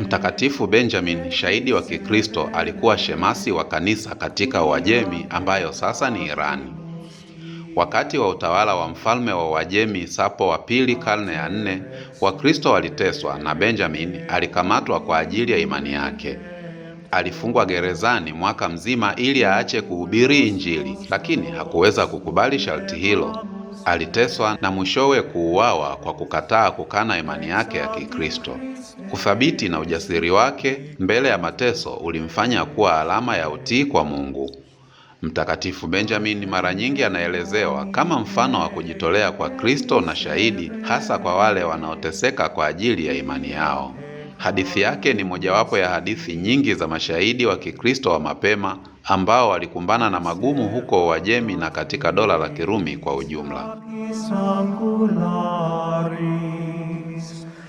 Mtakatifu Benjamin, shahidi wa Kikristo, alikuwa shemasi wa kanisa katika Uajemi ambayo sasa ni Irani. Wakati wa utawala wa mfalme wa Uajemi Sapo wa pili, karne ya nne, Wakristo waliteswa na Benjamin alikamatwa kwa ajili ya imani yake. Alifungwa gerezani mwaka mzima ili aache kuhubiri Injili, lakini hakuweza kukubali sharti hilo aliteswa na mwishowe kuuawa kwa kukataa kukana imani yake ya Kikristo. Uthabiti na ujasiri wake mbele ya mateso ulimfanya kuwa alama ya utii kwa Mungu. Mtakatifu Benjamin mara nyingi anaelezewa kama mfano wa kujitolea kwa Kristo na shahidi, hasa kwa wale wanaoteseka kwa ajili ya imani yao. Hadithi yake ni mojawapo ya hadithi nyingi za mashahidi wa Kikristo wa mapema ambao walikumbana na magumu huko Uajemi na katika dola la Kirumi kwa ujumla.